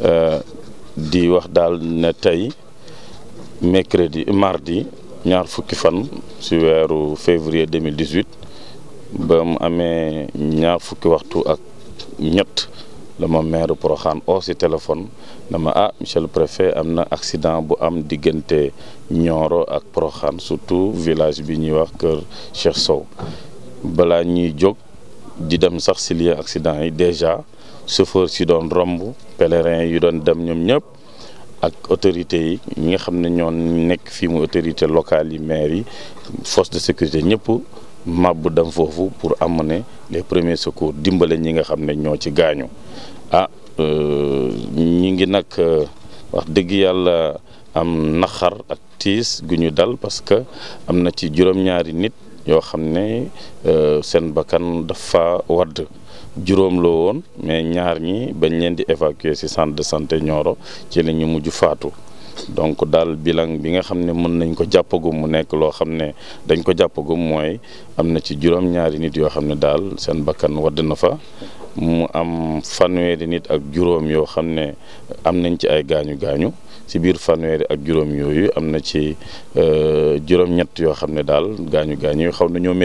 Euh, di wax daal na tey mercredi mardi ñaar fukki fan ci weeru février 2018 ba mu amee ñaar fukki waxtu ak ñett la ma maire oo ci téléphone na ma ah monsieur le préfet am na accident bu am diggante Nioro ak Porokhane surtout village bi ñuy wax kër Cheikh Sow balaa ñuy jóg di dem sax ci lieu yi déjà chauffeur si doon romb pèlerin yu doon dem ñoom ñëpp ak autorité yi ñi nga xam ne ñoo nekk fii mu autorité locale yi maire yi force de sécurité ñëpp màbbu dem foofu pour amener les premiers secours dimbale ñi nga xam ne ñoo ci gaañu ah euh, ñi ngi nag euh, wax dëgg yàlla am naxar ak tiis gu ñu dal parce que am na ci juróom-ñaari nit yoo xam ne euh, seen bakkan dafa wadd juróom la woon mais ñaar ñi bañ leen di évacuer ci centre de santé Nioro ci la ñu mujj faatu donc daal bilang bi nga xam ne mën nañ ko jàppagum mu nekk loo xam ne dañ ko jàppagum mooy am na ci juróom nit yoo xam ne daal seen bakkan wadd na fa am fanweeri nit ak juróom yoo xam ne am nañ ci ay gaañu gaañu ci biir fanweeri ak juróom yooyu am na ci euh, juróom-ñett yoo xam ne daal gaañu gaañu xaw na ñoo